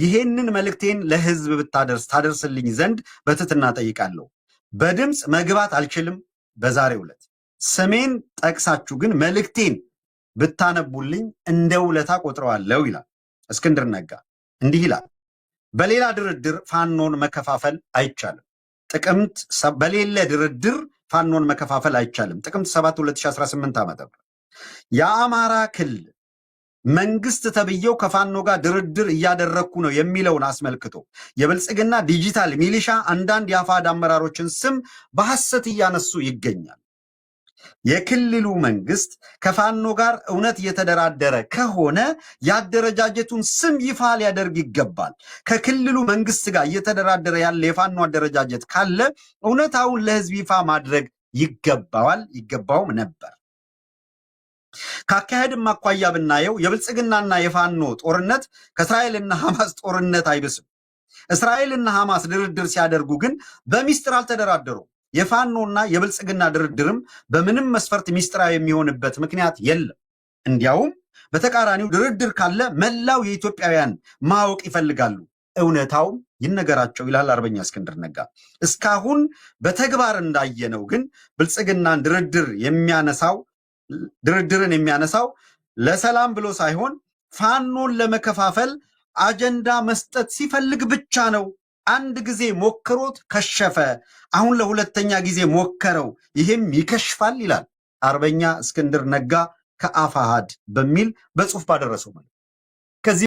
ይሄንን መልእክቴን ለህዝብ ብታደርስ ታደርስልኝ ዘንድ በትትና ጠይቃለሁ። በድምፅ መግባት አልችልም። በዛሬው ዕለት ስሜን ጠቅሳችሁ ግን መልእክቴን ብታነቡልኝ እንደ ውለታ ቆጥረዋለሁ ይላል እስክንድር ነጋ። እንዲህ ይላል፣ በሌላ ድርድር ፋኖን መከፋፈል አይቻልም። ጥቅምት በሌለ ድርድር ፋኖን መከፋፈል አይቻልም። ጥቅምት 7 2018 ዓ.ም የአማራ ክልል መንግስት ተብዬው ከፋኖ ጋር ድርድር እያደረግኩ ነው የሚለውን አስመልክቶ የብልጽግና ዲጂታል ሚሊሻ አንዳንድ የአፋድ አመራሮችን ስም በሐሰት እያነሱ ይገኛል። የክልሉ መንግስት ከፋኖ ጋር እውነት እየተደራደረ ከሆነ የአደረጃጀቱን ስም ይፋ ሊያደርግ ይገባል። ከክልሉ መንግስት ጋር እየተደራደረ ያለ የፋኖ አደረጃጀት ካለ እውነታውን ለህዝብ ይፋ ማድረግ ይገባዋል፣ ይገባውም ነበር። ከአካሄድም አኳያ ብናየው የብልጽግናና የፋኖ ጦርነት ከእስራኤልና ሐማስ ጦርነት አይብስም። እስራኤልና ሐማስ ድርድር ሲያደርጉ ግን በሚስጥር አልተደራደሩ የፋኖና የብልጽግና ድርድርም በምንም መስፈርት ሚስጥራዊ የሚሆንበት ምክንያት የለም። እንዲያውም በተቃራኒው ድርድር ካለ መላው የኢትዮጵያውያን ማወቅ ይፈልጋሉ፣ እውነታው ይነገራቸው ይላል አርበኛ እስክንድር ነጋ። እስካሁን በተግባር እንዳየነው ግን ብልጽግናን ድርድር የሚያነሳው ድርድርን የሚያነሳው ለሰላም ብሎ ሳይሆን ፋኖን ለመከፋፈል አጀንዳ መስጠት ሲፈልግ ብቻ ነው። አንድ ጊዜ ሞክሮት ከሸፈ። አሁን ለሁለተኛ ጊዜ ሞከረው፣ ይህም ይከሽፋል ይላል አርበኛ እስክንድር ነጋ ከአፋሃድ በሚል በጽሁፍ ባደረሰው ማለት